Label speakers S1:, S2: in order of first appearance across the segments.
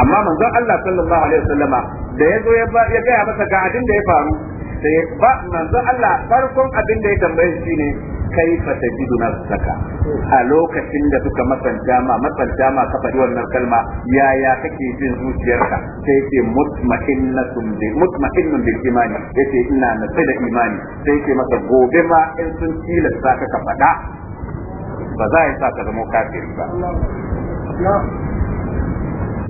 S1: amma manzon Allah sallallahu alaihi wasallama da ya zo ya gaya masa ga abin da ya faru sai ba manzon Allah farkon abin da ya tambaye shi ne kaifa tajiduna saka a lokacin da suka masanta ma masanta ma ka faɗi wannan kalma yaya kake jin zuciyarka sai yake mutma'innatun bi mutma'innun bil imani yace ina sai da imani sai yake masa gobe ma in sun saka ka faɗa ba za a yi sa ka zama kafiri ba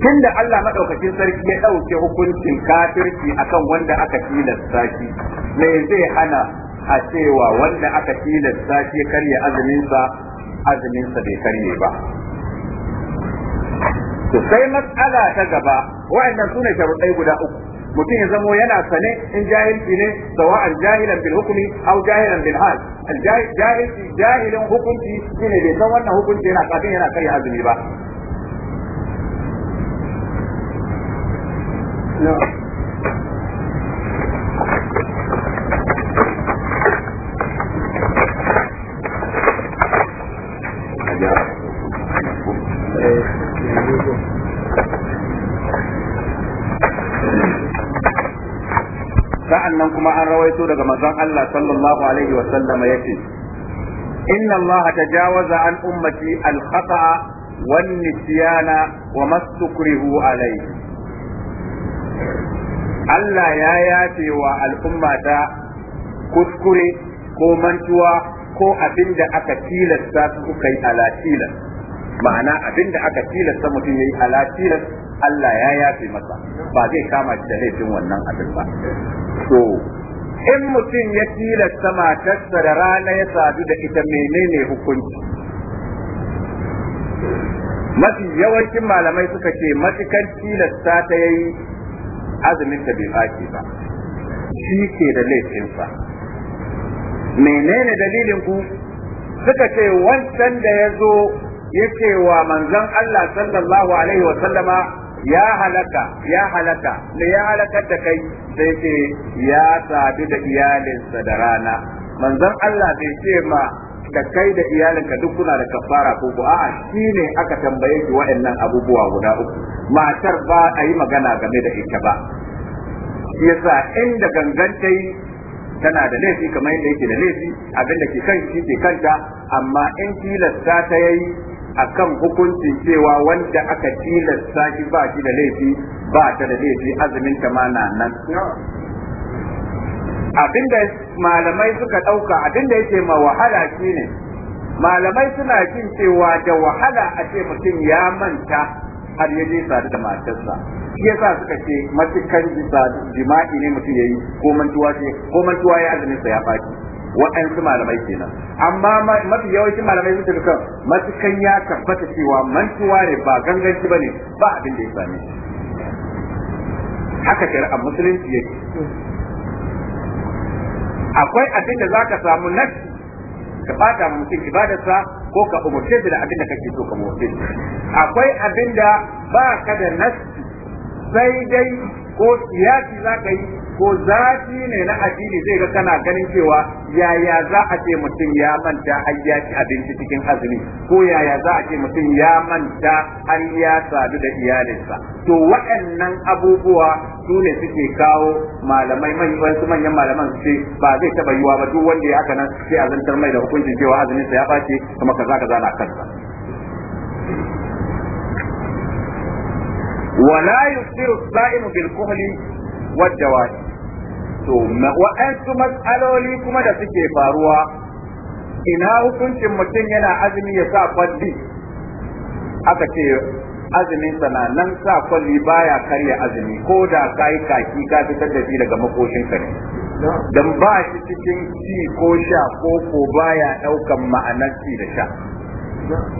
S1: tunda Allah madaukakin sarki ya dauke hukuncin kafirci akan wanda aka tilasta shi me zai hana a cewa wanda aka tilasta shi karya azumin sa bai karye ba to sai matsala ta gaba wa'annan sune sharuɗai guda uku mutum ya zamo yana sane in jahilci ne sawa'an jahilan bil hukumi aw jahilan bil hal jahilci jahilin hukunci shine bai san wannan hukunci yana kafin yana kai azumi ba Sa'annan kuma an rawaito daga manzon Allah sallallahu alaihi wa sallama yace inna Allah tajawaza an ummati al khata wan nisyana wa mastukrihu alaihi Allah ya yafe wa al'umma ta kuskure ko mantuwa ko abin da aka tilasta su suka yi ala ma'ana abin da aka tilasta mutum ya yi ala tilas Allah ya yafe masa ba zai kama shi da laifin wannan abin ba So, in mutum ya tilasta matarsa da rana ya sadu da ita menene hukunci mafi yawancin malamai suka ce matukan tilasta ta yayi azumin ta bai baki ba shi ke da laifinsa menene dalilin ku suka ce wancan da ya zo ya ce wa manzon Allah sallallahu alaihi wa sallama ya halaka ya halaka da ya halaka da kai sai ce ya sabi da iyalinsa da rana manzon Allah bai ce ma da kai da iyalinka duk kuna da kafara ko ko a'a shine aka tambaye shi wa'annan abubuwa guda uku matar ba a yi magana game da ita ba yasa inda gangan ta tana da laifi kamar yadda yake da laifi abin da ke kan shi ke kanta amma in tilasta ta yayi kan hukuncin cewa wanda aka tilasta shi ba shi da laifi ba ta da laifi azumin ta ma na nan abinda malamai suka ɗauka abinda yake ma wahala shine malamai suna jin cewa da wahala a ce mutum ya manta har yaje sadu da matarsa shi yasa suka ce matukan jima'i ne mutum yayi ko mantuwa ce ko mantuwa ya azumin sa ya faɗi waɗansu malamai kenan amma mafi yawancin malamai sun tafi kan matukan ya tabbata cewa mantuwa ne ba ganganci bane ba abin da ya same haka shari'ar musulunci yake akwai abin da zaka samu nafsi ka bata mutum ibadarsa ko ka umurce da abin da kake so ka umurce akwai abin da ba ka da nafsi sai dai ko siyasi zaka yi ko zafi ne na addini zai ga kana ganin cewa yaya za a ce mutum ya manta har ya ci abinci cikin azumi ko yaya za a ce mutum ya manta har ya sadu da iyalinsa to waɗannan abubuwa su ne suke kawo malamai manyan wasu manyan malaman su ce ba zai taba yiwa ba duk wanda ya aka nan sai a zantar mai da hukuncin cewa sa ya ɓace kuma kaza kaza na kansa ولا يفطر الصائم بالكحل wadda to wa'ansu matsaloli kuma da suke faruwa ina hukuncin mutum yana azumi ya sa kwalli aka ce azumin sana nan sa kwalli baya karya azumi ko da kai kaki ka fitar da shi daga makoshin ka ne dan ba shi cikin ci ko sha ko ko baya daukan ma'anar ci da sha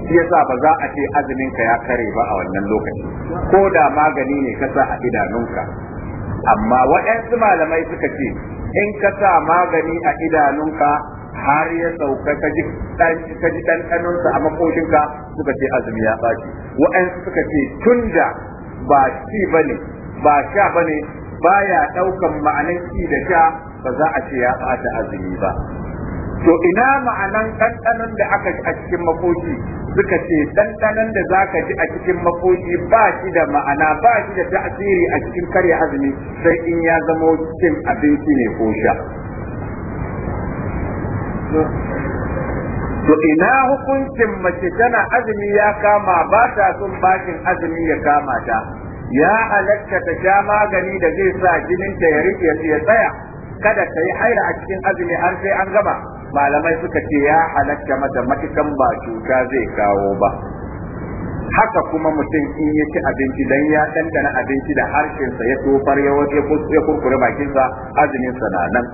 S1: shi yasa ba za a ce azumin ka ya kare ba a wannan lokaci ko da magani ne ka sa a idanunka amma waɗansu malamai suka ce in ka sa magani a idanunka har ya sauka ka ji ɗanɗanonsa a makoshinka suka ce azumi ya ɓaci waɗansu suka ce tunda ba shi ba ne ba sha ba baya ɗaukan ma'anin ci da sha ba za a ce ya ɓata azumi ba to ina ma'anan ɗanɗanon da aka ji a cikin makoki suka ce ɗanɗanon da za ka ji a cikin makoki ba shi da ma'ana ba shi da tasiri a cikin karya azumi sai in ya zamo cikin abinci ne ko sha to ina hukuncin mace tana azumi ya kama ba ta son bakin azumi ya kama ta ya halatta ta sha magani da zai sa jininta ya rike ya tsaya kada ta yi haira a cikin azumi har sai an gama malamai suka ce ya halatta mata matukan ba cuta zai kawo ba haka kuma mutum in ya ci abinci dan ya dandana abinci da harshensa ya tofar ya ya kurkure bakinsa azumin sa na nan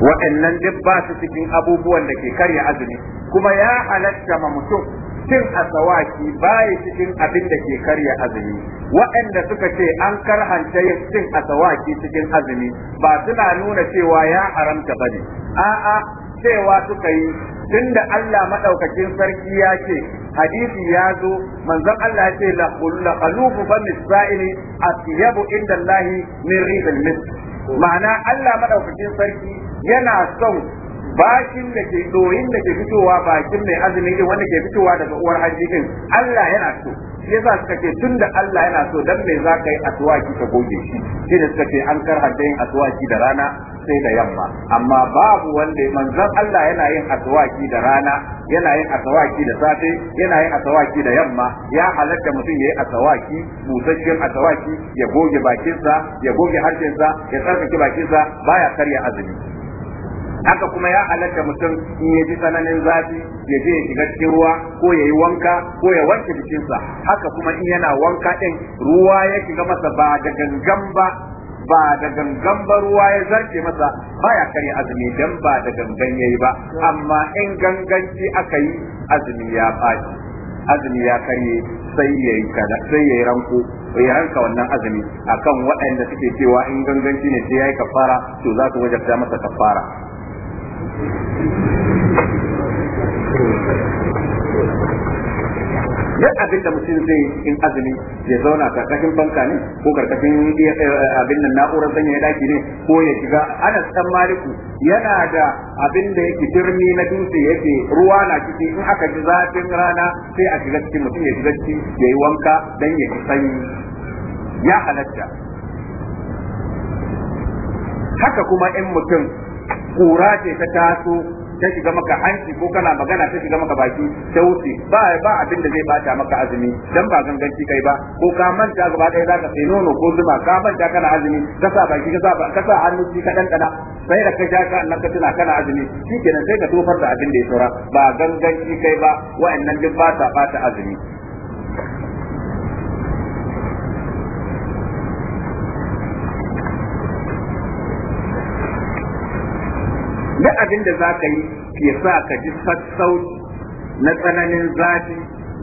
S1: waɗannan duk ba su cikin abubuwan da ke karya azumi kuma ya halatta ma mutum cin asawaki baya cikin abin da ke karya azumi waɗanda suka ce an karhanta yin cin asawaki cikin azumi ba suna nuna cewa ya haramta ne. a'a cewa suka yi tunda Allah madaukakin sarki ya ce hadisi ya zo manzon Allah ya ce la qalufu fa misaili atyabu inda Allah min rihil mis ma'ana Allah madaukakin sarki yana son bakin da ke doyin da ke fitowa bakin mai azumi din wanda ke fitowa daga uwar hajji din Allah yana so shi yasa suka ce da Allah yana so dan me za ka yi aswaki ka goge shi shi da suka ce an karhanta yin aswaki da rana sai da yamma amma babu wanda manzon Allah yana yin aswaki da rana yana yin aswaki da safe yana yin aswaki da yamma ya halatta mutum ya yi aswaki busasshen aswaki ya goge bakinsa ya goge harshensa ya tsarkake bakinsa baya karya azumi haka kuma ya halatta mutum in ya ji tsananin zafi ya je ya shiga cikin ruwa ko ya yi wanka ko ya wanke jikinsa haka kuma in yana wanka din ruwa ya shiga masa ba da gangan ba ba da gangan ba ruwa ya zarce masa baya karya azumi dan ba da gangan yayi ba amma in ganganci aka yi azumi ya faɗi azumi ya karye sai ya yi kada sai ya yi ranko ya ranka wannan azumi akan waɗanda suke cewa in ganganci ne sai ya yayi kafara to za su wajabta masa kafara Yan abin da mutum zai in azumi ya zauna karkashin fanka ne ko karkashin eh, abin nan na'urar sanya ya daki ne ko ya shiga ana san maliku yana da abin da yake birni na dutse yake ruwa na ciki in aka ji zafin rana sai a shiga cikin mutum ya shiga ciki ya yi wanka dan ya sanyi ya halatta haka kuma in mutum kura ce ta taso ta shiga maka hanci ko kana magana ta shiga maka baki ta wuce ba ba abin da zai bata maka azumi dan ba ganganci kai ba ko ka manta gaba ɗaya zaka sai nono ko zuma ka manta kana azumi ka sa baki ka sa ka sa hannu shi ka ɗanɗana sai da ka ja ka annan ka kana azumi shikenan sai ka tofar da abin da ya saura ba ganganci kai ba wa'annan duk ba ta bata azumi duk abin da za ka yi ke sa ka ji sassauci na tsananin zafi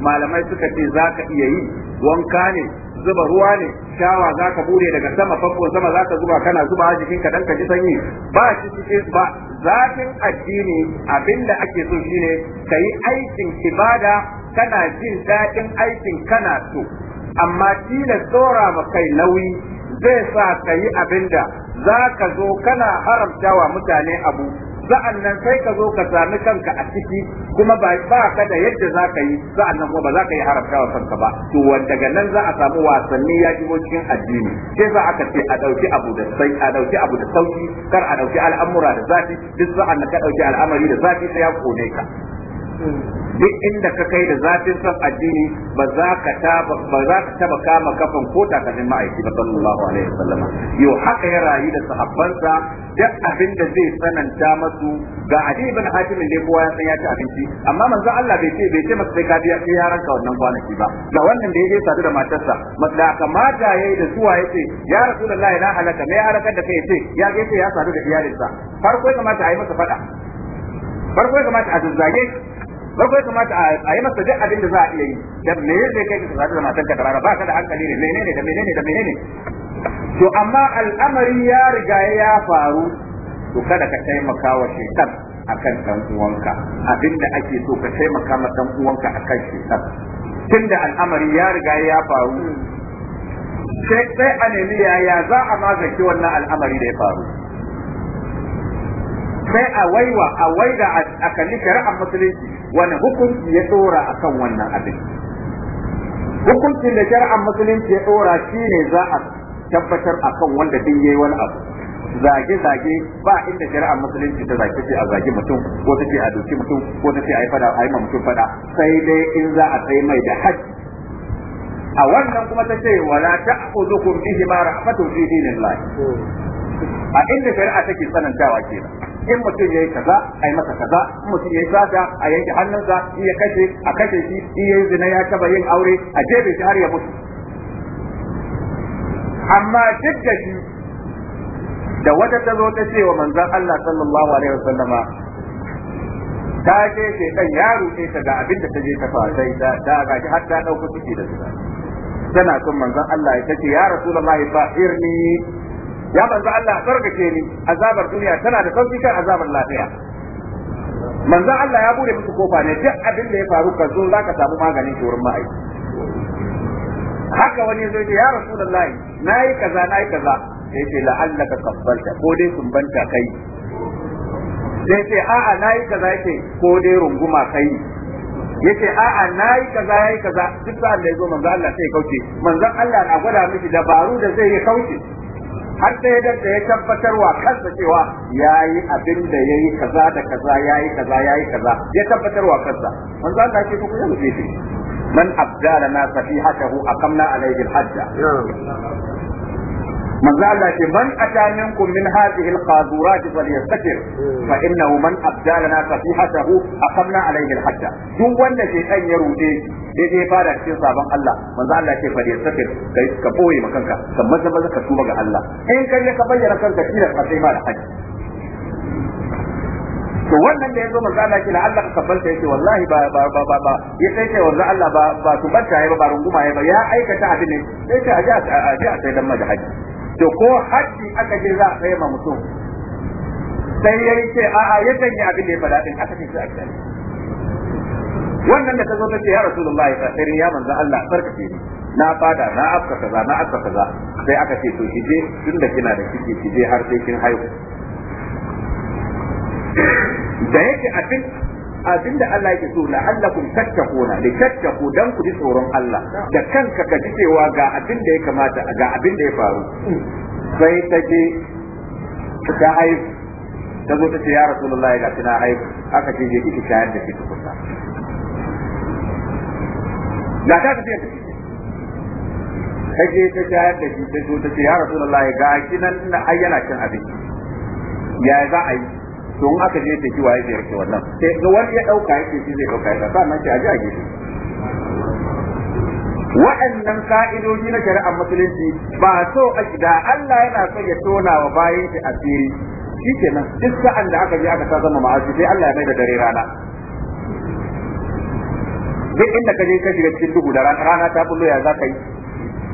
S1: malamai suka ce za ka iya yi wanka ne zuba ruwa ne shawa za ka bude daga sama famfon sama za ka zuba kana zuba a jikin ka dan ka ji sanyi ba shi cikin ba zafin addini abin da ake so shine ka yi aikin ibada kana jin daɗin aikin kana so amma tilas tsora ma kai nauyi zai sa ka yi abin da za ka zo kana haramtawa mutane abu Za'an nan sai ka zo ka sami kanka a ciki kuma ba ka da yadda za ka yi nan kuma ba za ka yi haramta wa kanka ba to wanda daga nan za a samu wasanni ya shigo cikin addini sai za aka ce a dauki abu da sai a dauki abu da sauki kar a dauki al'amura da zafi duk nan ka dauki al'amari da zafi sai ya kone ka duk inda ka kai da zafin san addini ba za ka taba ba za ka taba kama kafan ko takalmin ma'aiki ba sallallahu alaihi wasallam yau haka ya rayu da sahabbansa duk abin da zai sananta masu ga hadi ibn Hatim ne kowa ya san ya ci abinci amma manzo Allah bai ce bai ce masa sai ka biya sai yaran ka wannan kwanaki ba ga wannan da yake sadu da matarsa matsala kamata yayi da zuwa yace ya Rasulullahi na halaka me ya da kai yace ya ga yace ya sadu da iyalinsa farko kamata a yi masa fada farko kamata a zazzage ba kai kamata a yi masa duk abin da za a iya yi da me zai kai ka sadu da matanka da rana ba ka da hankali ne ne da ne da ne. to amma al'amari ya riga ya faru to kada ka taimaka wa a kan dan uwanka abinda ake so ka taimaka ma dan uwanka a kan akan tun da al'amari ya riga ya faru sai sai a nemi yaya za a magance wannan al'amari da ya faru sai a waiwa a waida a kalli shari'ar musulunci wani hukunci ya a kan wannan abin hukuncin da shari'ar musulunci ya shi ne za a tabbatar a kan wanda din yayi wani abu zage-zage ba inda shari'ar musulunci ta zage ce a zage mutum ko ta ce a doki mutum ko ta ce a yi fada a yi ma mutum fada sai dai in za a sai mai da haji a wannan kuma ta ce wala ta'khudhukum bihi ma rahmatu fi dinillah a inda shari'a take tsanantawa kenan in mutum ya yi kaza a yi masa kaza in mutum ya yi sata a yanke hannunsa in ya kashe a kashe shi in yi zina ya taba yin aure a jebe shi har ya mutu amma duk da shi da wata ta zo ta ce wa manzan Allah sallallahu alaihi sallama, ta ce ce dan yaro ce ta ga abin da ta je ta fara sai da ga har ta dauko suke da su tana son manzan Allah ya ce ya rasulullahi fa irni ya manzo Allah tsarkake ni azabar duniya tana da sauki kan azabar lafiya manzo Allah ya bude musu kofa ne duk abin da ya faru ka zo zaka samu maganin ki wurin ma'aiki haka wani zai ce ya rasulullahi nayi kaza nayi kaza sai ce la'allaka kabbalta ko dai sumbanta kai sai ce a'a nayi kaza yake ko dai runguma kai yace a'a nayi kaza yayi kaza duk sa'an da yazo manzo Allah sai kauce manzo Allah na gwada miki dabaru da zai yi kauce har ya da ya tabbatarwa kansa cewa yayi abin da yayi kaza da kaza yayi kaza yayi kaza ya tabbatarwa kansa manzo Allah ce ku yanzu ce man abdalana safihatahu aqamna alayhi al-hajja manzo Allah ce man ataminkum min hadhihi al-qadurat falyastatir fa innahu man abdalana safihatahu aqamna alayhi al-hajja duk wanda ke kan ya rude daidai fara cikin sabon Allah manzo Allah ce fa sake kai ka boye ma kanka ka maza maza ka tuba ga Allah in kai ka bayyana kanka shi da sai ma da haji to wannan da yazo manzo Allah ce la Allah ka kabbalta yake wallahi ba ba ba ba ba ya sai ce wanzu Allah ba ba tubanta ya ba ba runguma ya ba ya aikata abin ne sai ce aje aje a sai dan ma da haji to ko haji aka je za a kai ma mutum sai ya ce a'a ya yi abin da ya faɗa din aka ce sai a wannan da ta zo ta ce ya rasulullahi ta sai ya manzo Allah sarkace ni na fada na afka kaza na afka kaza sai aka ce to ki je tunda kina da kike ki je har sai kin haihu da yake abin abin da Allah yake so la allakum tattakuna li tattaku dan ku tsoron Allah da kanka ka ji cewa ga abin da ya kamata ga abin da ya faru sai ta je ta haihu ta zo ta ce ya rasulullahi ga kina haihu aka ce je ki shayar da ki kusa da ta tafiya ta je ta shayar da shi ta zo ta ce ya rasulullahi ga shi nan na ayyana cin abinci ya za a yi to aka je ta waye zai ziyarci wannan sai ga wani ya dauka yake shi zai dauka ta sa nan sai a ji a gefe waɗannan ka'idoji na shari'ar musulunci ba so a da Allah yana so ya tona wa bayan shi kenan shikenan duk sa'an da aka je aka sa zama ma'azi sai Allah ya mai da dare rana duk inda ka je ka shiga cikin duhu da rana ta bullo ya za ka yi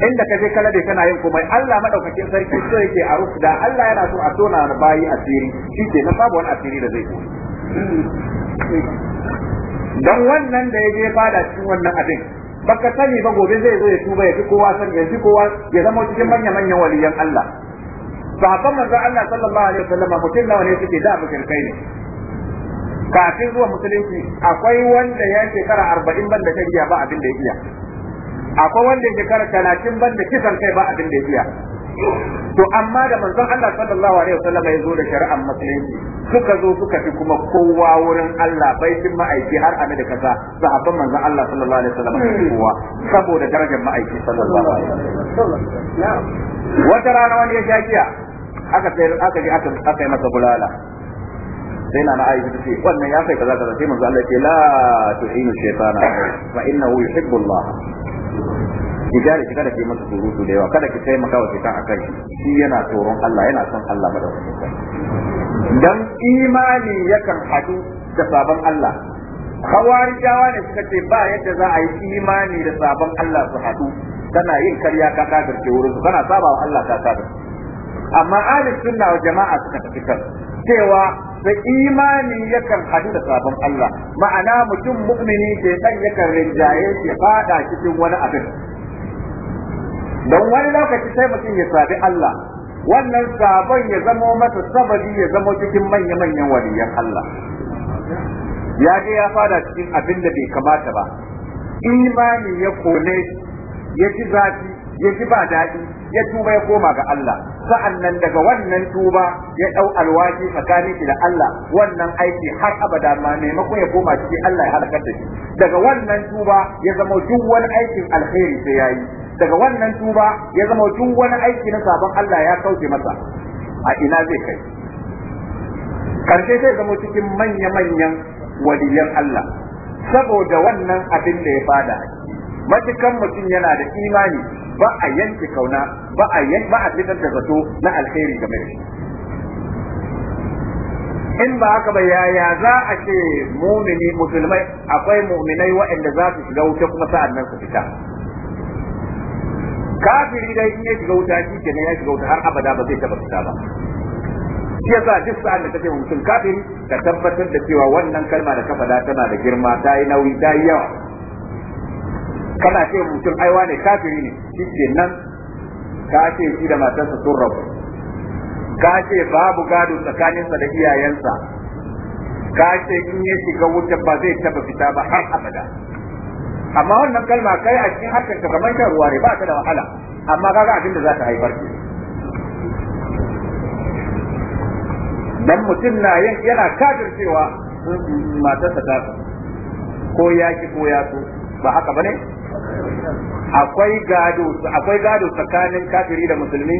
S1: inda ka je kala da kana yin komai Allah madaukakin sarki so yake a rufu da Allah yana so a tona na bayi asiri shi ke nan babu wani asiri da zai koyi dan wannan da ya je fada cikin wannan abin baka sani ba gobe zai zo ya tuba ya fi kowa san ya fi kowa ya zama cikin manya manyan waliyan Allah sahabban manzo Allah sallallahu alaihi wasallam mutum nawa ne suke da kai ne kafin zuwa musulunci akwai wanda ya shekara arba'in ban da shari'a ba abin da ya iya akwai wanda ya shekara talatin ban da kisan kai ba abin da ya iya to amma da manzon Allah sallallahu alaihi wasallam ya zo da shari'ar musulunci suka zo suka fi kuma kowa wurin Allah baitin ma'aiki har ana da kaza sahabban manzon Allah sallallahu alaihi wasallam kowa saboda darajar ma'aiki sallallahu alaihi wasallam wata rana wani ya shakiya aka sai aka ji aka aka yi masa bulala sai na na aisha ce wannan ya kai kaza kaza sai manzo Allah ce la tu'inu shaytana fa innahu yuhibbu Allah ki gare ki kada ki masa surutu da yawa kada ki taimaka wa shaytan akan shi shi yana tsoron Allah yana son Allah madaukakin dan imani yakan hadu da sabon Allah khawarijawa ne suka ce ba yadda za a yi imani da sabon Allah su hadu kana yin karya ka kafirce wurin su kana saba wa Allah ka kafirce amma ahlus sunna wa jama'a suka tafi cewa da imani yakan hadu da sabon Allah ma'ana mutum mu'mini ke dan yakan rinjaye ke fada cikin wani abin don wani lokaci sai mutum ya sabi Allah wannan sabon ya zamo masa sababi ya zamo cikin manya-manyan waliyan Allah ya je ya fada cikin abin da bai kamata ba imani ya kone ya ji zafi ya ji ba daɗi ya tuba ya koma ga Allah sa'annan daga wannan tuba ya dau alwaji tsakanin shi da Allah wannan aiki har abada ma maimakon ya koma cikin Allah ya halakar da shi daga wannan tuba ya zama duk wani aikin alkhairi sai yayi daga wannan tuba ya zama duk wani aiki na sabon Allah ya kauce masa a ina zai kai karshe zai zama cikin manya-manyan waliyan Allah saboda wannan abin da ya fada matukan mutum yana da imani ba a yanke kauna ba a yanke ba a fitar da zato na alheri game da shi in ba haka ba yaya za a ce mumini musulmai akwai muminai waɗanda za su shiga wuce kuma sa'an nan su fita kafiri dai in ya shiga wuta shi kenan ya shiga wuta har abada ba zai taba fita ba shi yasa duk sa'an da kake mutum kafiri ka tabbatar da cewa wannan kalma da ka faɗa tana da girma ta yi nauyi ta yi yawa kana ce mutum aiwa ne kafiri ne shi ke nan ka ce shi da matarsa sun rabu ka ce babu gado tsakaninsa da iyayensa ka ce in ya shiga wuta ba zai taba fita ba har abada amma wannan kalma kai a cikin harkar ta kamar shan ruwa ne ba ta da wahala amma kaga abin da za ta haifar ke dan mutum na yin yana kafircewa mm, mm, matarsa ta ko ya ki ko ya so ba haka bane akwai gado akwai gado tsakanin kafiri da musulmi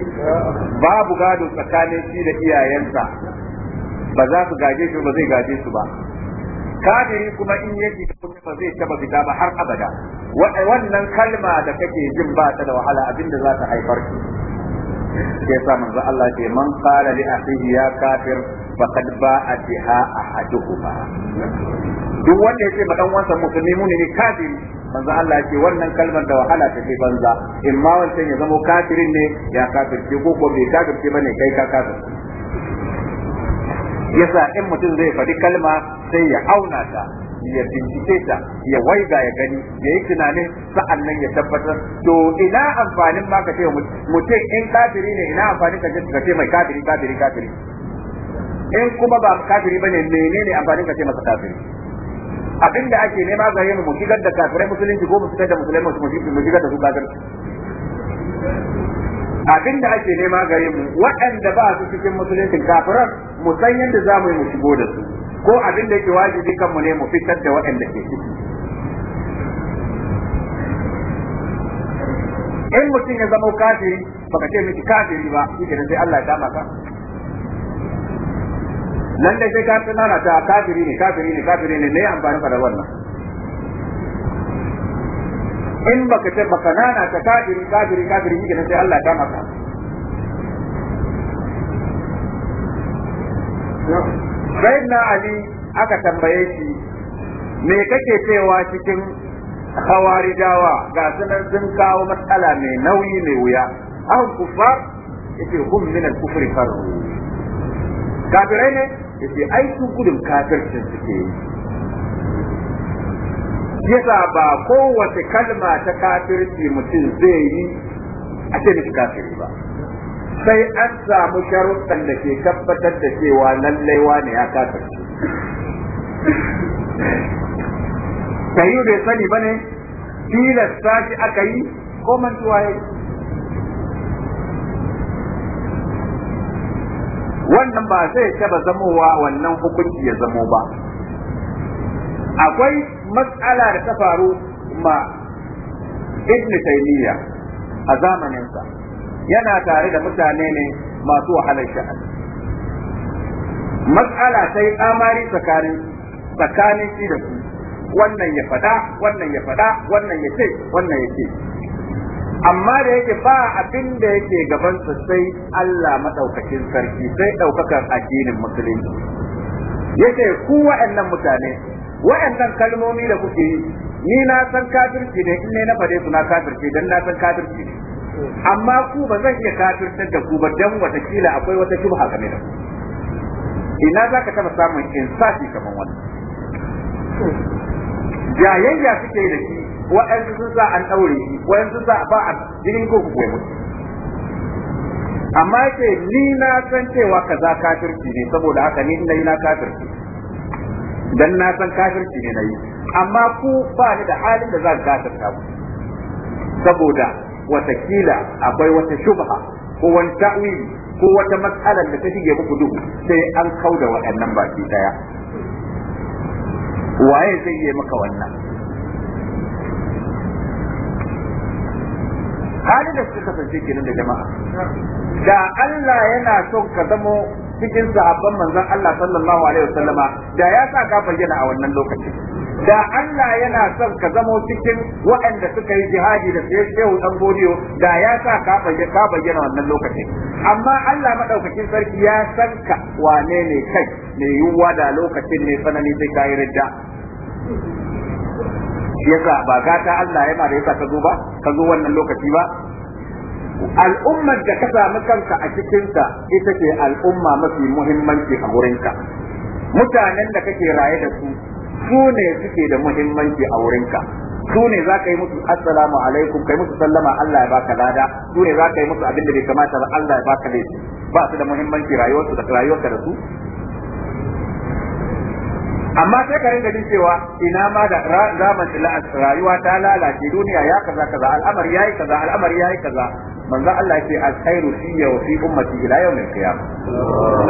S1: babu gado tsakanin shi da iyayensa ba za su gaje shi ba zai gaje su ba kafiri kuma in ya da kuma ba zai taba fita ba har abada wannan kalma da kake jin ba ta da wahala abinda za ta haifar ki ke sa manzo Allah ce man qala li akhihi ya kafir faqad ba'a biha ahaduhuma duk wanda yake ba dan wansa musulmi ne kafiri manzo Allah ya ce wannan kalmar da wahala ta je banza in ma wancan ya zama kafirin ne ya kafirce ko ko bai kafirce bane kai ka kafir yasa in mutum zai faɗi kalma sai ya auna ta ya bincike ta ya waiga ya gani ya yi tunanin sa'annan nan ya tabbatar to ina amfanin ba ka ce mutum in kafiri ne ina amfanin ka ce mai kafiri kafiri kafiri in kuma ba kafiri bane menene amfanin ka ce masa kafiri da ake nema gare mu mu shigar da kafirai musulunci ko mu fitar da musulmai mu shigar da su kafirci abin da ake nema gare mu waɗanda ba su cikin musulunci kafirar mu san yadda za mu yi mu shigo da su ko abin da yake wajibi mu ne mu fitar da waɗanda ke ciki in mutum ya zama kafiri baka ce miki kafiri ba shi sai Allah ya dama ka nan da sai ka tunana ta kafiri ne kafiri ne kafiri ne ne amfani da wannan in baka ce baka nana ta kafiri kafiri kafiri ne sai Allah ya maka na Ali aka tambaye shi me kake cewa cikin dawa ga sunan sun kawo matsala mai nauyi mai wuya ahun kufar ita hum min al-kufri farru kafirai ne da ke aiki gudun kafircin suke yi yasa ba kowace kalma ta kafirci mutum zai yi a ce miki kafiri ba sai an samu sharuɗan da ke tabbatar da cewa lallai wane ya kafirci sayu bai sani ba ne, tilasta shi aka yi ko mantuwa ya yi wannan ba zai taba zamowa wannan hukunci ya zamo ba akwai matsala da ta faru ma ibn taymiya a zamaninsa yana tare da mutane ne masu wahalar sha'ani matsala ta yi tsamari tsakanin tsakanin shi da su wannan ya fada wannan ya fada wannan ya ce wannan ya ce amma da yake ba abin da yake gaban su sai Allah madaukakin sarki sai daukakar addinin musulunci yace ku wa'annan mutane wa'annan kalmomi da kuke yi ni na san kafirci ne in ne na fade su na kafirci dan na san kafirci ne amma ku ba zan iya kafirtar da ku ba dan watakila akwai wata shubha game da ina zaka taba samun insafi kamar wannan jayayya suke da shi Waɗansu sun sa an daure shi wa'ansu sa ba a jirgin ko kuwa mutu amma ce ni na san cewa kaza kafirci ne saboda haka ni ina yi na kafirci dan na san kafirci ne na yi amma ku ba ni da halin da za ka kafirta ku saboda watakila akwai wata shubha ko wani ta'wili ko wata matsalar da ta shige muku duhu sai an kauda waɗannan baki daya waye zai yi maka wannan hali da suka kasance kenan da jama'a da Allah yana so ka zamo cikin sahabban manzon Allah sallallahu alaihi wasallama da ya sa ka bayyana a wannan lokacin da Allah yana son ka zamo cikin waɗanda suka yi jihadi da sai shehu dan bodiyo da ya sa ka bayyana ka bayyana wannan lokacin amma Allah madaukakin sarki ya san ka wane ne kai mai yiwuwa da lokacin ne sanani sai ka yi ridda yasa ba gata Allah ya mara da yasa ka zo ba ka zo wannan lokaci ba al'ummar da ka samu kanka a cikinta ita ce al'umma mafi muhimmanci a wurinka mutanen da kake raye da su su ne suke da muhimmanci a wurinka su ne za ka yi musu assalamu alaikum kai musu sallama Allah ya baka lada su ne za ka yi musu abin da bai kamata ba Allah ya baka laifi ba su da muhimmanci rayuwarsu da rayuwarka da su amma sai ka ringa jin cewa ina ma da zaman rayuwa ta lalace duniya ya kaza kaza al'amari yayi kaza al'amari yayi kaza manzo Allah yake alkhairu fi wa fi ummati ila yawmil qiyamah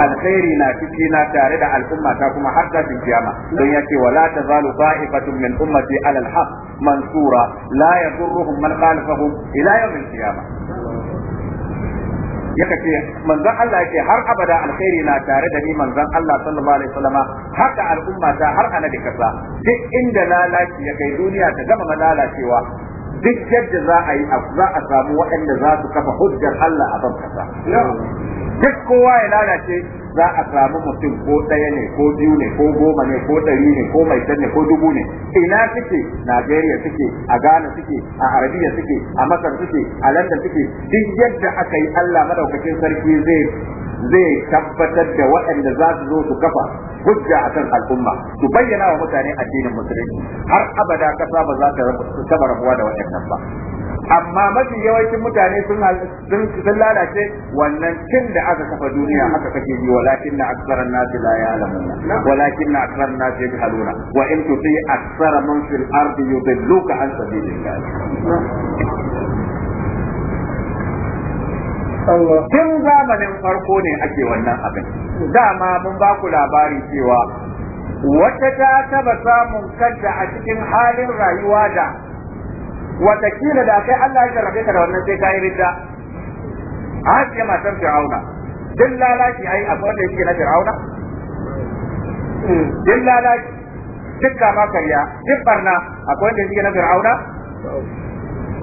S1: alkhairi na ciki na tare da al'umma ta kuma har da kiyama don yake wala tazalu qa'ifatun min ummati ala alhaq mansura la yadurruhum man khalafahum ila yawmil qiyamah yaka ce manzon Allah yake har abada alkhairi na tare da ni manzon Allah sallallahu alaihi wasallama haka al'umma ta har annabi kasa duk inda lalaci ya kai duniya ta gama lalacewa duk yadda za a yi za a samu waɗanda za su kafa hujjar Allah a ban kasa duk kowa ya lalace za a samu mutum ko ɗaya ne ko biyu ne ko goma ne ko ɗari ne ko mai ne ko dubu ne ina suke Najeriya suke a Ghana suke a Arabiya suke a Masar suke a London suke duk yadda aka yi Allah madaukakin sarki zai zai tabbatar da waɗanda za su zo su kafa hujja a kan al'umma su bayyana wa mutane addinin musulunci har abada kasa ba za ta taba rabuwa da waɗannan ba amma mafi yawancin mutane sun sun lalace wannan cin da aka kafa duniya haka kake yi walakin na aksaran nasi la ya'lamuna walakin na aksaran nasi yajhaluna wa in tuti aksara man fil ardi yudilluka an sabilillah Tun zamanin farko ne ake wannan abin, dama mun ba ku labari cewa wata ta taba samun kanta a cikin halin rayuwa da watakila da kai Allah ya jarrabe ka da wannan sai kai ridda hasiya matan fir'auna din lalaci ai akwai wanda yake na fir'auna din lalaci duk ma karya duk barna akwai wanda yake na fir'auna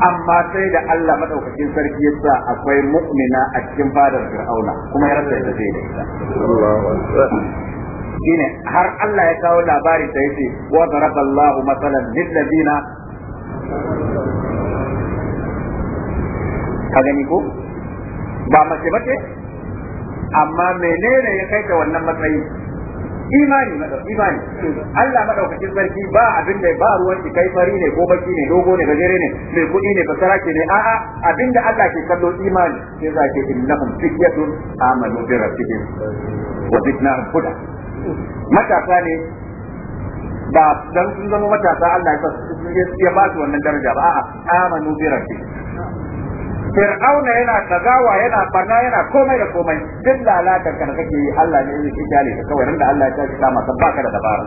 S1: amma sai da Allah madaukakin sarki ya sa akwai mu'mina a cikin fadar fir'auna kuma ya rasa da zai da ita shine har Allah ya kawo labari da yace wa daraballahu masalan lil ladina ka gani ko ba mace ce amma menene ya kai ta wannan matsayi imani imani Allah madaukakin sarki ba abin da ba ruwan shi kai fari ne ko baki ne dogo ne gajere ne mai kudi ne basara ke ne a'a abin da Allah ke kallo imani sai za ke innahum fityatun amanu bi rabbihim wa fitna huda matasa ne ba dan sun zama matasa Allah ya ba su wannan daraja ba a'a amanu bi rabbihim fir'auna yana kazawa yana barna yana komai da komai duk lalatar ka da kake yi Allah ne yake kyale ka kawai da Allah ya tashi ka ka baka da dabara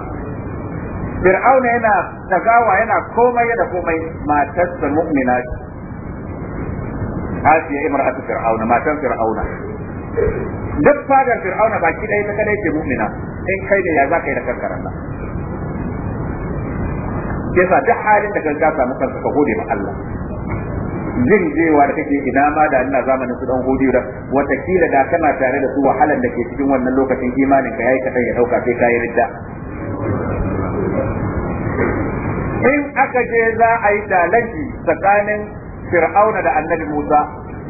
S1: fir'auna yana kazawa yana komai da komai Matar matarsa mu'mina Asiya imratu fir'auna matar fir'auna duk fadar fir'auna baki ɗaya ta kadai ce mu'mina in kai ne ya za yi da kankaran nan yasa duk halin da kanka samu kanka ka gode ma Allah jin jewa da kake ina ma da ina zamanin su dan hudu da kila da kana tare da su wahalan da ke cikin wannan lokacin imanin ka yayi kadan ya dauka sai yi ridda in aka je za a yi talaki tsakanin fir'auna da annabi musa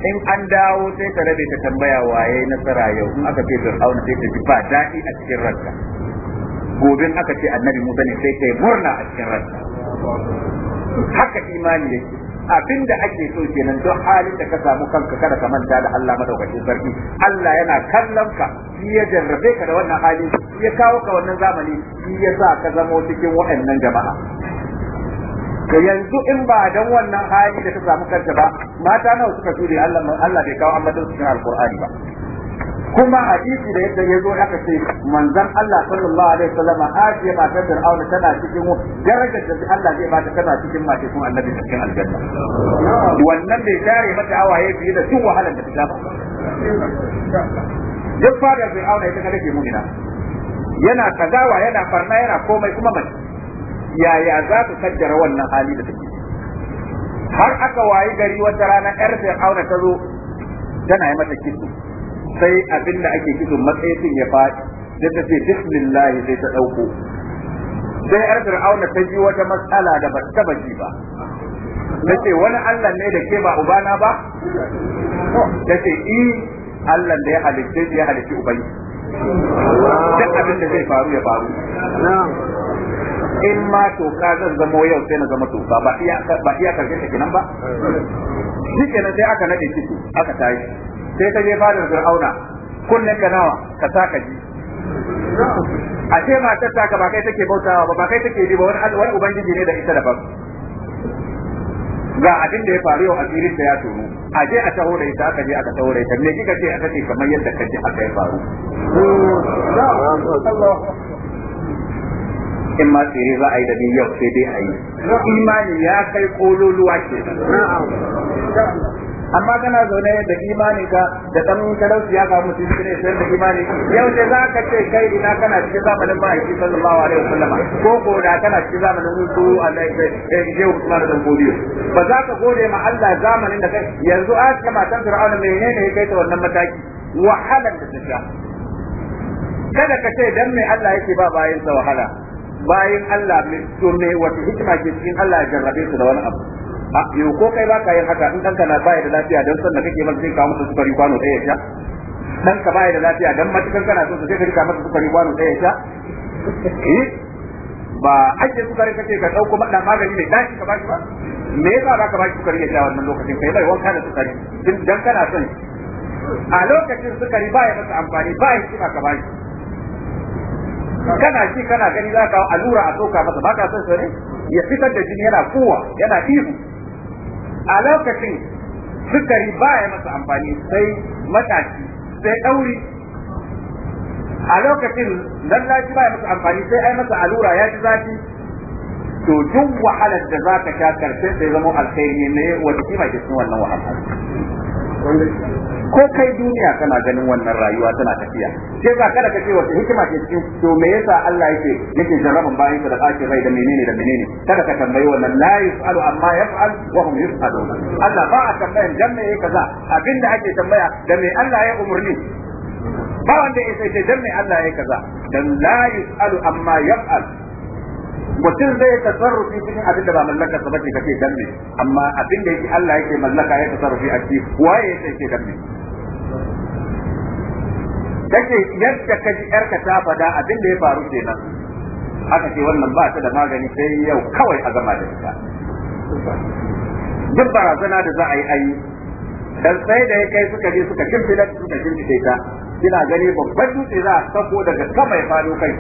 S1: in an dawo sai ta rabe ta tambaya waye nasara yau in aka ce fir'auna sai ta ji ba daɗi a cikin ranta gobe aka ce annabi musa ne sai ta yi murna a cikin ranta haka imani yake da ake so kenan don halin da ka samu kanka kada ka manta da Allah madaukakin sarki Allah yana kallon ka shi ya jarrabe ka da wannan hali shi ya kawo ka wannan zamani shi ya sa ka zama cikin wa'annan jama'a to yanzu in ba dan wannan hali da ka samu kanka ba mata nawa suka tsure Allah Allah bai kawo su cikin alkur'ani ba kuma hadisi da yadda ya zo aka ce manzon Allah sallallahu alaihi wasallam haji ba ta Fir'aun tana cikin darajar da Allah zai bata tana cikin mace kuma annabi cikin aljanna wannan bai kare mata awaye fiye da duk wahalar da ta sha ba duk fadar Fir'aun ita kada ke mu'mina yana kazawa yana farna yana komai kuma mace yaya za ta kaddara wannan hali da take har aka wayi gari wata rana yar Fir'aun ta zo tana yi mata kitso sai abin da ake kiso matsayin ya faɗi sai ta ce bismillah sai ta ɗauko sai yar fir'auna ta ji wata matsala da ba ta ji ba ta ce wani allah ne da ke ba ubana ba ta ce i allah da ya halitta ya halitta ubangi duk abin da zai faru ya faru in ma toka zan zamo yau sai na zama toka ba iya karshe ta kenan ba shi kenan sai aka nade ciki aka tashi sai ka je fadar fir'auna kunnen ka nawa ka sa ka ji a ce ma ta saka ba kai take bautawa ba ba kai take ji ba wani ubangiji ne da ita daban ga abin da ya faru yau asirin ta ya turu. a je a taho da ita aka je aka taho da ita me kika ce aka ce kamar yadda ka ji aka faru in ma tsere za a yi da ni yau sai dai a yi imani ya kai kololuwa ke amma kana zaune da imani ka da dan talauci ya ga mutum shi ne sai da imani yau ne za ka ce kai ina kana cikin zamanin mahaifi sallallahu alaihi wasallam ko ko da kana cikin zamanin su Allah ya ce eh, Usman da Godiyo ba za ka gode ma Allah zamanin da kai yanzu a cikin matan Fir'auna menene ya kai ta wannan mataki wahalar da ta sha kada ka ce dan me Allah yake ba bayan sa wahala bayan Allah mai to me wata hikima ke cikin Allah ya jarrabe su da wani abu a yau ko kai ba ka yin haka in ɗanka na baya da lafiya don sannan kake masa zai kawo masa sukari kwano ɗaya ya sha ɗanka baya da lafiya don matukan kana so sai ka rika masa sukari kwano ɗaya ya sha eh, ba ake sukari kake ka ɗauko maɗa magani mai ɗaki ka bashi ba me yasa ba ka bashi sukari ya sha wannan lokacin kai bai wanka da sukari don kana son a lokacin sukari ba ya masa amfani ba ya shi ka bashi kana shi kana gani za ka allura a soka masa ba ka son sa ya fitar da jini yana kowa yana ihu a lokacin sukari ba ya masa amfani sai matashi sai ɗauri a lokacin lallaci ba ya masa amfani sai ai masa alura ya ci zafi to duk wahalar da za ka sha karshe sai zama alkhairi ne wata kima ke cikin wannan wahalar ko kai duniya kana ganin wannan rayuwa tana tafiya sai ba kada kace wata hikima ce cikin to me yasa Allah yake yake jarraban bayin da ake rai da menene da menene kada ka tambayi wannan la yasalu amma yaf'al wa hum yasalun Allah ba a tambayan dan me yake kaza abinda ake tambaya da me Allah ya umurni ba wanda ya sai dan me Allah ya kaza dan la yasalu amma yaf'al mutum zai tasarrufi cikin abin da ba mallaka sa bace kace dan amma abin da yake Allah yake mallaka ya tasarrufi a ciki waye yake danne kace yadda ka ji yarka ta fada abin da ya faru kenan aka ce wannan ba ta da magani sai yau kawai a gama da ita duk barazana da za a yi ayi dan sai da ya kai suka je suka kimfila suka kimfile ta kina gani babban dutse za a sako daga sama ya fado kai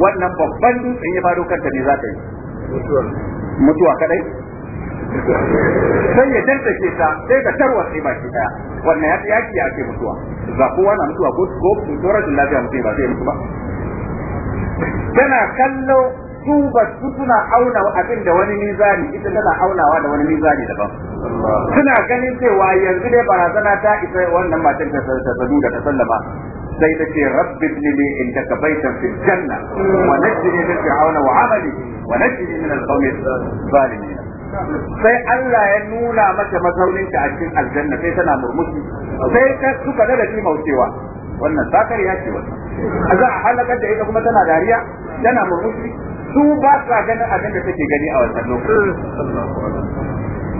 S1: wannan babban dutsen ya fado kanta ne za ta yi mutuwa kadai sai ya dantake ta sai ta ba baki daya wannan ya yaki ya ce mutuwa za kowa na mutuwa ko ko tsoron da lafiya mutum ba zai mutu ba tana kallo su ba su suna auna abin da wani mizani ita tana aunawa da wani mizani daban suna ganin cewa yanzu dai barazana ta isa wannan matan ta sadu da ta sallama sai ta ce rabbi ibnili indaka baitan fi janna wa najini min fir'auna wa amali wa najini min al-qawmi adh-dhalimin sai Allah ya nuna mata ta a cikin aljanna sai tana murmushi sai ta suka da shi maucewa wannan sakar ya ce wannan a za a da ita kuma tana dariya tana murmushi su ba sa ganin abin da take gani a wannan lokacin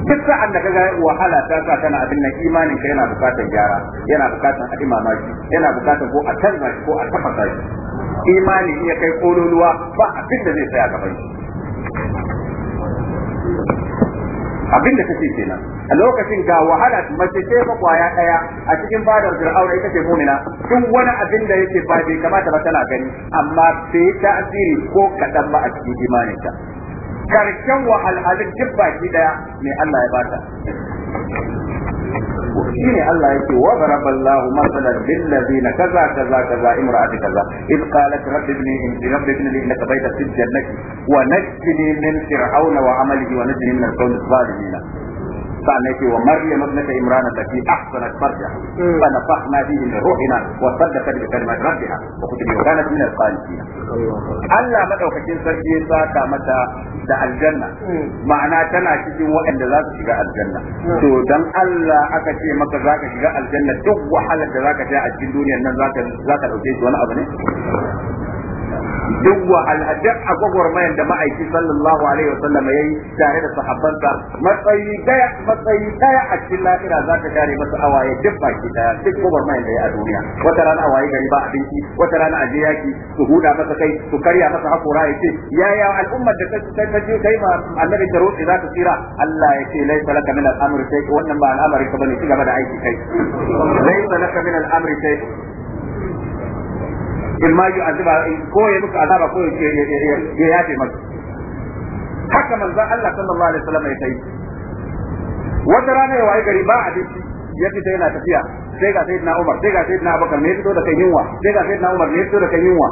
S1: duk sa'an da kaga wahala ta sa kana abin nan imanin ka yana bukatar gyara yana bukatar a imama shi yana bukatar ko a canza shi ko a tafasa shi imani iya kai kololuwa ba abin da zai tsaya gaban shi abin da ce kenan a lokacin ga wahala mace ce ba kwaya daya a cikin fadar fir'auna ita ce mu'mina tun wani abin da yake ba bai kamata ba tana gani amma sai ta asiri ko kadan ba a cikin imanin ta karshen wahalhalin duk baki daya ne Allah ya bata shine Allah yake wa daraballahu masalan lil ladina kaza kaza kaza imra'ati kaza id qalat rabbi ibni inni rabbi ibni innaka bayta fil jannati wa najjini min fir'auna wa amalihi wa najjini min al-qawmi adh-dhalimin sannan ce wa maryam ibnata imran allati ahsanat farjaha fa nafakhna fihi min ruhina wa saddaqat bi kalimati rabbiha wa kutibi wa kanat min al-qanitin Allah madaukakin sarki ya saka mata da aljanna ma'ana tana cikin waɗanda za su shiga aljanna to dan Allah aka ce maka zaka shiga aljanna duk wahalar da zaka sha a cikin duniyar nan zaka zaka dauke shi wani abu ne duk wa a gwagwarmayar da ma'aiki sallallahu alaihi wasallam ya yi tare da sahabbansa matsayi daya matsayi daya a cikin lafiya za ta kare masa awaye duk baki daya duk da ya a duniya wata rana awaye gari ba abinci wata rana a yaki su huda masa kai su karya masa hakora ya ce yaya al'ummar da ta je kai ma annabi ta za ta tsira Allah ya ce laisa laka min al'amri sai wannan ba al'amari ka bane ci gaba da aiki kai laisa laka min al'amri sai ilma yi azaba ko ya muka azaba ko ya yafe maka haka manzan Allah sallallahu alaihi wasallam ya kai wata rana ya waye gari ba abinci ya fita yana tafiya sai ga sayyidina Umar sai ga sayyidina Abubakar ne fito da kan yunwa sai ga sayyidina Umar ne fito da kan yunwa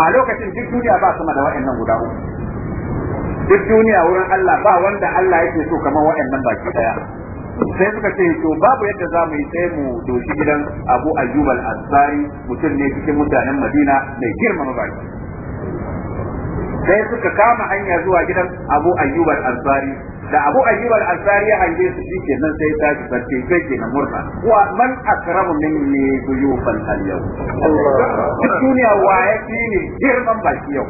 S1: a lokacin duk duniya ba sama da wa'annan guda uku duk duniya wurin Allah ba wanda Allah yake so kamar wa'annan baki daya sai suka ce to babu yadda za mu yi sai mu doshi gidan abu ayyub al-ansari mutum ne cikin mutanen madina mai girma baki sai suka kama hanya zuwa gidan abu ayyub al-ansari da abu ayyub al-ansari ya hange su shike nan sai ta ji barke sai na murna wa man akramu minni buyufan al-yawm duk duniya wa ya fi ni girman baki yau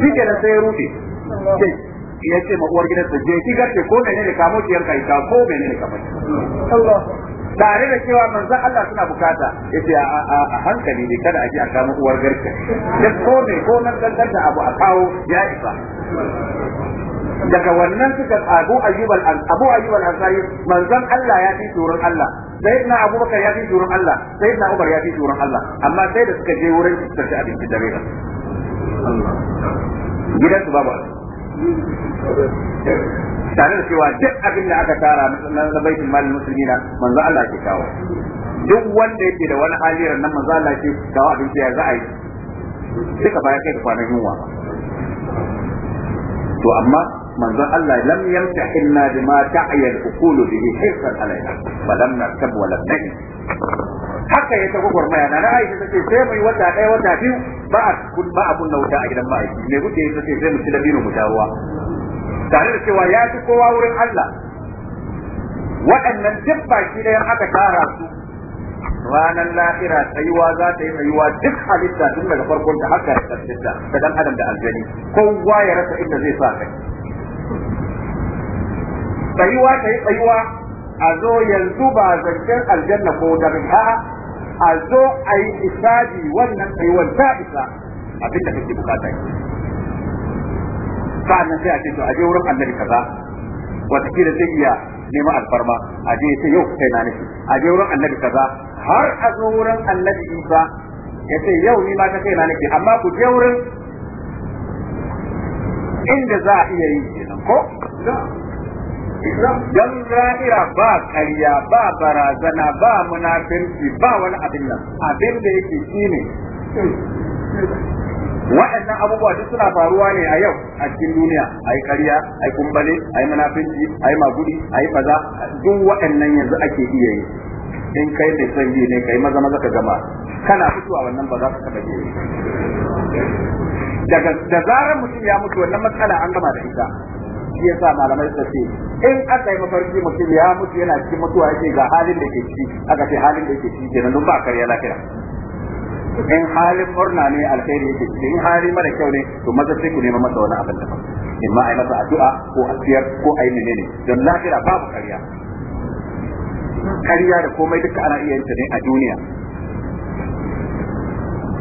S1: shike nan sai rufe ya ce ma uwar gidansa je ki garke ko menene kamo ki yanka ita ko menene kamar Allah tare da cewa manzo Allah suna bukata yace a hankali ne kada a ji a kama uwar garke duk ko ne ko nan da abu a kawo ya isa daga wannan suka abu ayyub al abu ayyub al ansari manzon Allah ya fi turan Allah sayyidina abubakar ya fi turan Allah sayyidina umar ya fi turan Allah amma sai da suka je wurin su ci abinci dare gidansu babu tare da cewa duk abin da aka tara na baitul malin musulmina manzo Allah ke kawo duk wanda yake da wani haliyar nan manzo Allah ke kawo abin da ya za a yi duka baya kai da kwanan yunwa to amma manzo Allah lam yamtahinna bima ta'ya al-uqulu bihi hirsan alayna wa lam naktab wa lam haka ya ta gwagwarmaya na na aisha tace sai mai wata ɗaya wata biyu ba a kun ba a kunna wuta a gidan ma'aiki Mai kuke yi tace sai mu ci dabino mu dawowa tare da cewa ya fi kowa wurin Allah waɗannan duk baki ɗayan aka tara su ranar lahira tsayuwa za ta yi tsayuwa duk halitta tun daga farkon ta haka ya tsarkinta da dan adam da aljani kowa ya rasa inda zai sa kai tsayuwa ta yi tsayuwa a zo yanzu ba zancen aljanna ko ta ha a zo a yi isabi wannan tsayuwar ta isa abin da kake bukata ki sa'an sai a ce to a je wurin annabi kaza wata kila zai iya neman alfarma a je sai yau kai na nake a je wurin annabi kaza har a zo wurin annabi isa ya ce yau ni ma ta kai na nake amma ku je wurin inda za a iya yi kenan ko don zahira ba karya ba barazana ba munafirci ba wani abin nan abin da yake shine waɗannan abubuwa duk suna faruwa ne a yau a cikin duniya a yi ƙarya a yi kumbale a yi munafinci a yi magudi a yi faza duk waɗannan yanzu ake iya yi in kai mai son yi ne kai maza maza ka gama kana fitowa wannan ba za ka taɓa yi daga da zarar mutum ya mutu wannan matsala an gama da ita shi sa malamai su ce in aka yi mafarki mutum ya mutu yana cikin mutuwa yake ga halin da ke ciki aka ce halin da ke ciki kenan don ba karya lafiya in halin murna ne alkhairi yake ciki in hali mara kyau ne to maza sai ku nema masa wani abin da in ma a yi masa addu'a ko a siyar ko a yi menene don lafiya babu karya karya da komai duka ana iya yin ne a duniya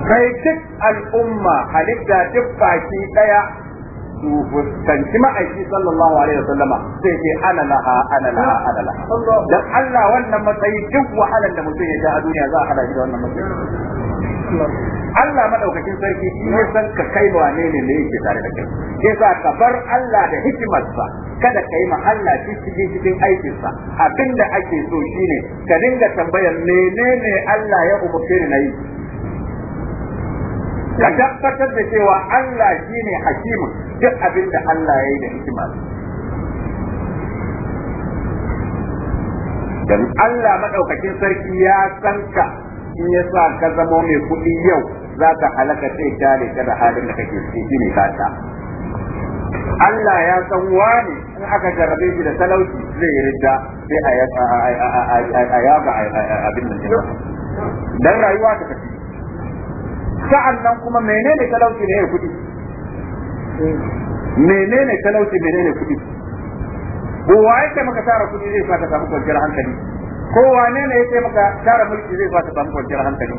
S1: kai duk al'umma halitta duk baki daya su fuskanci ma'aiki sallallahu alaihi wasallama sai ce ana laha ana laha ana laha dan Allah wannan matsayi duk wahalar da mutum ya ja a duniya za a hada shi da wannan matsayi Allah madaukakin sarki shi ne san ka kai ba ne ne yake tare da kai sai sa ka bar Allah da hikimarsa kada ka yi ma Allah cikin cikin aikinsa abinda ake so shine ka dinga tambayar menene Allah ya umarce ni na yi ka tabbatar da cewa Allah shine hakimin duk abin da Allah ya yi da hikima dan Allah madaukakin sarki ya san in ya sa ka zama mai kuɗi yau za ka halaka sai kare ka da halin da kake ciki ne kata Allah ya san wani in aka jarabe shi da talauci zai yi sai a yaba abin da dan rayuwa ta tafi sa'an nan kuma menene talauci ne kuɗi menene talauci menene kuɗi Ko ya ce maka tara kuɗi zai fata samu kwanciyar hankali Ko wane ne ya ce maka tara mulki zai fata samu kwanciyar hankali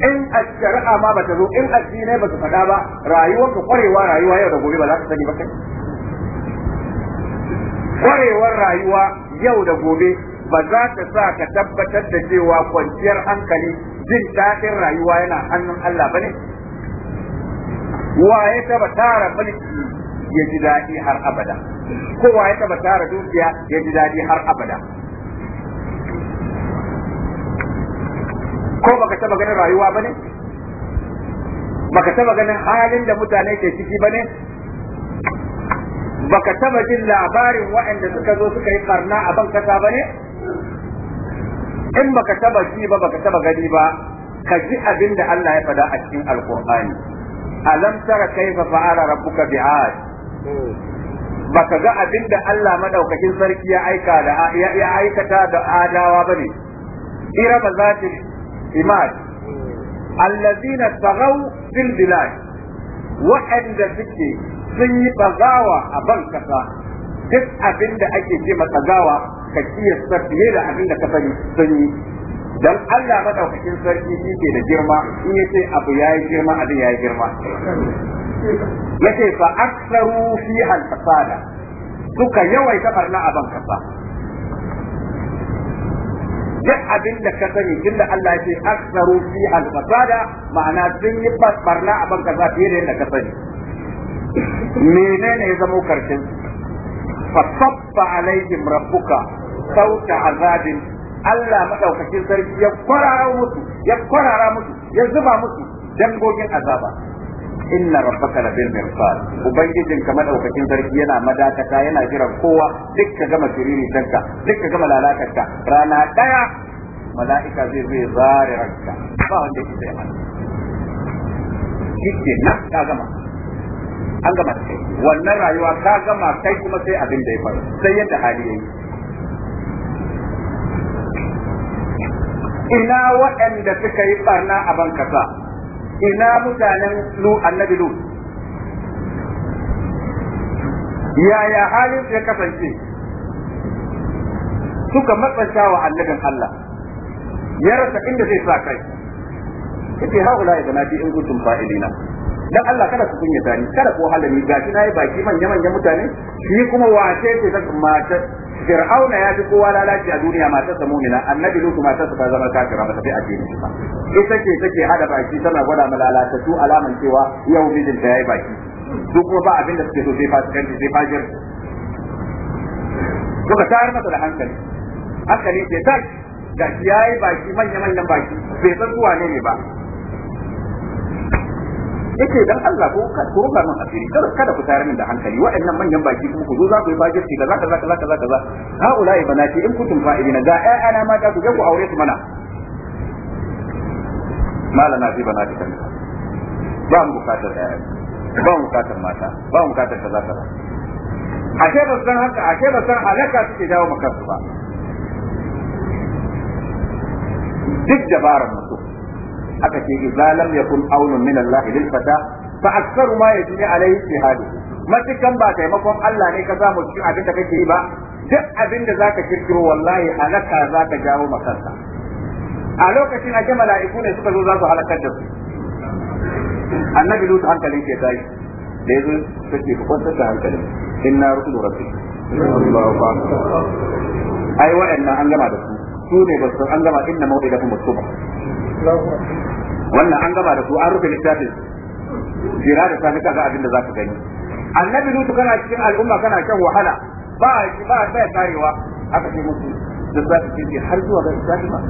S1: in a shari'a ma ta zo in addinai ba su faɗa ba rayuwar ka kwarewa rayuwa yau da gobe ba za ka sani ba kai kwarewar rayuwa yau da gobe ba za ta sa ka tabbatar da cewa kwanciyar hankali jin daɗin rayuwa yana hannun Allah ba ne? wa ya taba tara mulki ya ji daɗi har abada kowa ya taba tara dukiya ya ji daɗi har abada ko baka taba ganin rayuwa ba Ba baka taba ganin halin da mutane ke ciki ba Ba baka taba jin labarin waɗanda suka zo suka yi karna a ban kasa ne? in baka taba ji ba baka taba gani ba ka ji abin da Allah ya faɗa a cikin alkur'ani alam tara kaifa fa'ala rabbuka bi'ad baka ga abin da Allah madaukakin sarki ya aika da ya aikata da adawa bane ira ba za ta imad allazina tagaw fil bilad wa'anda suke sun yi bazawa a ban kasa duk abin da ake ce gawa ka kiyasta fiye da abin da ka sani sanyi dan Allah madaukakin sarki shi ke da girma in ce abu ya yi girma abin ya yi girma Ya ce fa aktsaru fi al-fasada suka yawaita barna a ban kasa duk abin da ka sani tun da Allah ce aksaru fi al-fasada ma'ana sun yi barna a ban kasa fiye da yadda ka sani menene ya zama karshen fasaffa alaihim rabbuka sauta azabin Allah maɗaukacin sarki ya kwarara musu ya kwarara musu ya zuba musu dangogin azaba inna rabbaka labil mirsad ubangijin ka maɗaukacin sarki yana madakata yana jiran kowa duk ka gama shiriri danka, duk ka gama lalatarka rana ɗaya. mala'ika zai zai zare ranka ba wanda yake sai mana shi ke nan ka gama an gama da kai wannan rayuwa ka gama kai kuma sai abin da ya faru sai yadda hali yi ina waɗanda suka yi barna a bankasa ina mutanen lu annabi lu yaya halin ya kasance suka matsanta wa annabin Allah ya rasa inda zai sa kai kace haula ya zanati in gudun fa'ilina dan Allah kada ku kunya tani kada ku wahala ga shi nayi baki manya manya mutane shi kuma wace ce ta mata Fir'auna ya fi kowa lalaci a duniya matar sa mu'mina annabi Lutu matar sa ta zama kafira ba ta a addini ba ita ce take hada baki tana gwada malalata su alaman cewa yau mijin ta yayi baki Duk kuma ba abin da suke so sai fasikanci sai fajir ka tayar masa da hankali hankali sai tashi gashi yayi baki manya manyan baki bai san ne ne ba yake dan Allah ko ko ka min asiri kada kada ku tare min da hankali waɗannan manyan baki kuma ku zo za ku yi ki kaza kaza kaza kaza kaza ulai banati in kuntum fa'ilina ga ƴaƴana mata ku ga ku aure su mana malana fi banati kan ba mu bukatar ƴaƴa ba mu bukatar mata ba mu bukatar kaza kaza ashe ba san haka ashe ba san halaka suke dawo maka su ba duk dabarar aka ce idza lam yakun aunun min Allah lil fata fa aksaru ma yajri alaihi ijtihadu matukan ba taimakon Allah ne ka samu cikin abin da kake yi ba duk abin da zaka kirkiro wallahi halaka zaka jawo makanka a lokacin a mala'iku ne suka zo za su halakar da su annabi lutu hankalin ke tashi da yazo take ku kwantar da hankalin inna rusul rabbi ai wa'annan an gama da su su ne ba su an gama inna mawqidakum as-subh wannan an gaba da su an rufe littafin jira da sami kaga abin da za ka gani annabi lutu kana cikin al'umma kana shan wahala ba ba ba karewa aka ce musu da za su ce har zuwa ga islami ba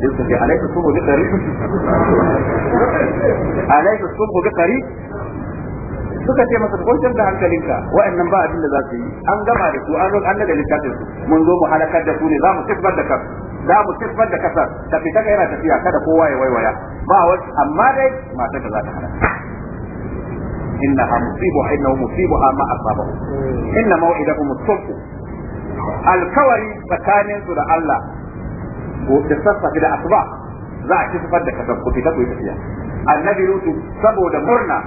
S1: su ce alaika subu alaika subu suka ce masa kwanciyar da hankalinka wa'annan ba abin da za su yi an gama da su an an da littafin su mun zo mu halakar da su ne za mu tabbatar da kansu za mu siffar da kasar da fita ka yana tafiya kada kowa ya waiwaya ba wani amma dai matar ka za ta hana innaha musibu innahu musibu ma asabahu inna maw'idakum as-subh alkawari tsakanin su da Allah da sassafe da asuba za a kifar da kasar ku fita ku yi tafiya annabi lutu saboda murna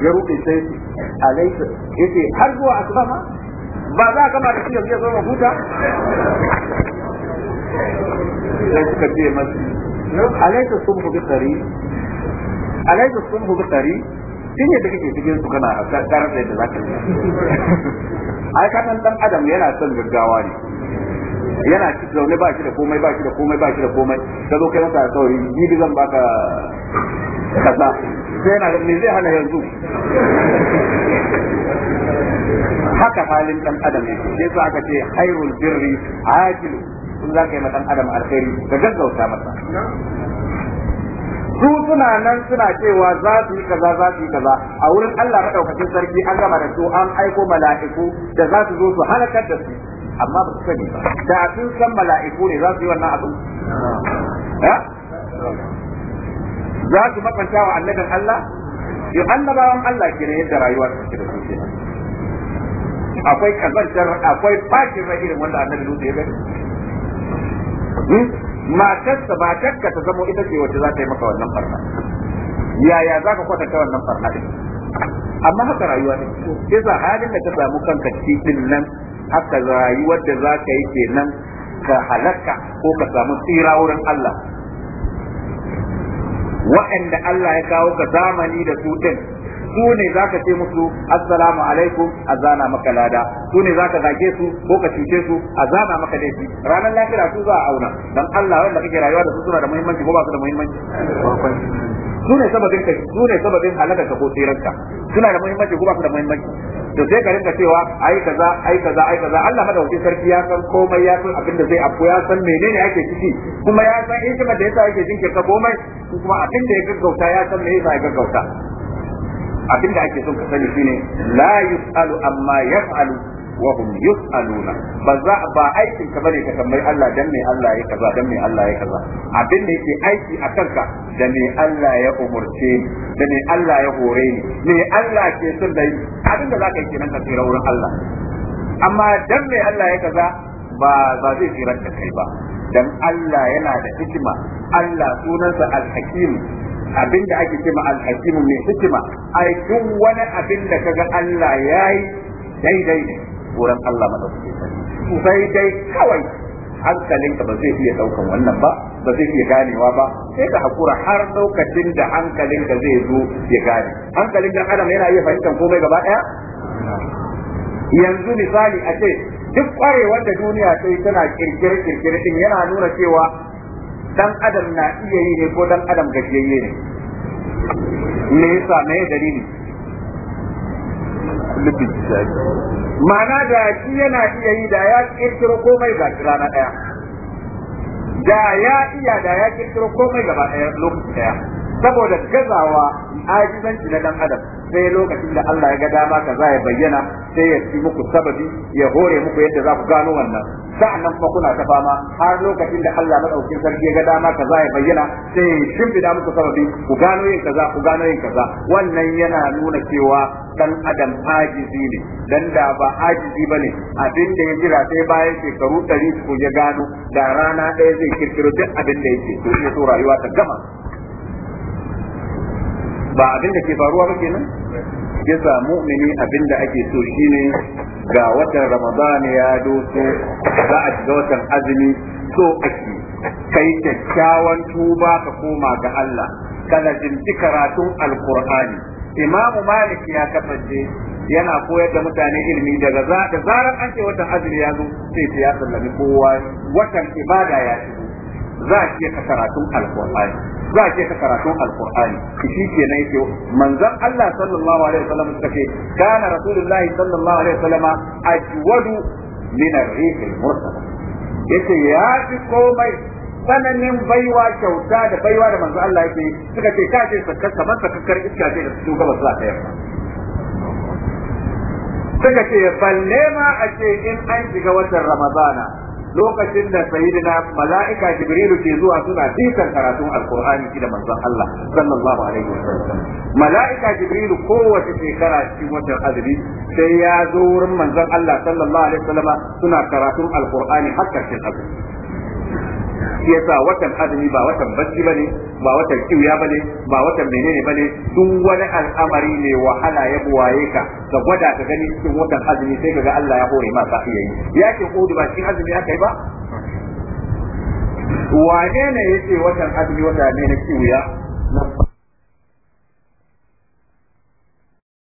S1: ya rufe sai alaisa yace har zuwa asuba ma ba za ka ba da shi yanzu ya zo huta
S2: sai suka
S1: ce masu alaika subhu bi qari alaika subhu bi qari tun yadda kake cikin su kana karar da yadda ka yi ai kanan dan adam yana son gaggawa ne yana ci zaune ba shi da komai ba shi da komai ba shi da komai ka zo kai masa alƙawari jibi zan baka kasa sai yana me zai hana yanzu haka halin dan adam yake sai aka ce khairul birri ajilu Sun za ka yi matan adam alkhairi ka gaggauta masa su suna nan suna cewa za su yi kaza za su yi kaza a wurin Allah madaukakin sarki an gama da su an aiko mala'iku da za su zo su halakar da su amma ba su sani ba da sun san mala'iku ne za su yi wannan abu za su makwanta wa annabin Allah yi annabawan Allah ke yadda rayuwa su ke da su akwai kazantar akwai bakin rahirin wanda annabi Lutu ya gani Hmm? matarsa ba takka ta zama ita ce wacce za ta yi maka wannan farna yaya za ka ta wannan farna din amma haka rayuwa ne sai za halin da ka samu kanka cikin nan haka rayuwar da za ka yi kenan ka halaka ko ka samu tsira wurin Allah wa'anda Allah ya kawo ka zamani da su din su ne zaka ce musu assalamu alaikum azana maka lada su ne zaka zage su ko ka cuce su azana maka laifi ranar lafiya su za a auna dan Allah wanda kake rayuwa da su suna da muhimmanci ko ba su da muhimmanci su ne sababin ka su ne sababin halaka ko tsiranka suna da muhimmanci ko ba su da muhimmanci to sai ka rinka cewa ai kaza ai kaza ai kaza Allah madaukakin sarki ya san komai ya san abin da zai afko ya san menene ake ciki kuma ya san hikimar da yasa yake jinkirta komai kuma abin da ya gaggauta ya san me yasa ya gaggauta abinda ake son ka sani shine la yusalu amma yafalu wa hum yusaluna ba za ba aikin ka bane ka tambayi Allah dan me Allah ya kaza dan me Allah ya kaza abin da yake aiki a kanka da me Allah ya umurce ni da me Allah ya hore ni me Allah ke son da yi abin da zaka yi kenan ka tsira wurin Allah amma dan me Allah ya kaza ba ba zai tsira da kai ba dan Allah yana da hikima Allah sunansa al-hakim Abin da ake cewa al mu mai hikima ai duk wani abin da kaga Allah yayi daidai ne goran Allah madaukake sai dai kawai hankalinka ba zai iya daukan wannan ba ba zai iya ganewa ba sai ka hakura har lokacin da hankalinka zai zo ya gane hankalin da adam yana iya fahimtar komai gaba daya yanzu misali a ce duk kwarewar da duniya sai tana kirkire kirkire din yana nuna cewa dan adam na iya yi ne ko dan adam gajiyayye ne me yasa me dalili ma'ana da shi yana iya yi da ya kirkiro komai ga rana daya da ya iya da ya kirkiro komai gaba daya lokaci daya saboda gazawa ajibanci na dan adam sai lokacin da Allah ya ga dama kaza ya bayyana sai ya ci muku sababi ya hore muku yadda za ku gano wannan sa'annan kuma kuna ta fama har lokacin da Allah madaukakin sarki ya ga dama kaza ya bayyana sai shimfida muku sababi ku gano yin kaza ku gano yin kaza wannan yana nuna cewa dan adam ajizi ne dan da ba ajizi bane abin da ya jira sai bayan shekaru 100 ku ya gano da rana ɗaya zai kirkiro duk abin da yake to sai rayuwa ta gama ba abin da ke faruwa ba kenan yasa mu'mini abin da ake so shine ga watan ramadan ya doso za a shiga watan azumi so ake kai kyakkyawan tuba ka koma ga Allah kana jin karatun alqur'ani imamu malik ya kafaje yana koyar da mutane ilimi daga da zarar an ce watan azumi ya zo sai ya sallami kowa watan ibada ya shigo za a ke karatun alqur'ani za a ce ka karatun alqur'ani shi ke kenan yake manzon Allah sallallahu alaihi wasallam suka ce kana rasulullahi sallallahu alaihi wasallam ajwadu min ar-rih al-mursal yace ya fi komai tsananin baiwa kyauta da baiwa da manzo Allah yake suka ce ka ce sakkar kamar sakakkar iska ce da su gaba za ta yarda suka ce balle ma a ce in an shiga watan ramadana lokacin da sayyidina mala'ika jibrilu ke zuwa suna dukan karatun alqur'ani shi da manzon Allah sallallahu alaihi wasallam mala'ika jibrilu kowace shekara cikin watan azumi sai ya zo wurin manzon Allah sallallahu alaihi wasallam suna karatun alqur'ani har karshen azumi shi yasa watan azumi ba watan bacci bane ba watan kiwiya bane ba watan menene bane duk wani al'amari ne wahala ya buwaye ka ka gwada ka gani cikin watan azumi sai ka ga Allah ya hore ma ka iya yi yakin ko ba cikin azumi aka yi ba
S2: wane ne yace watan azumi wata ne na kiwiya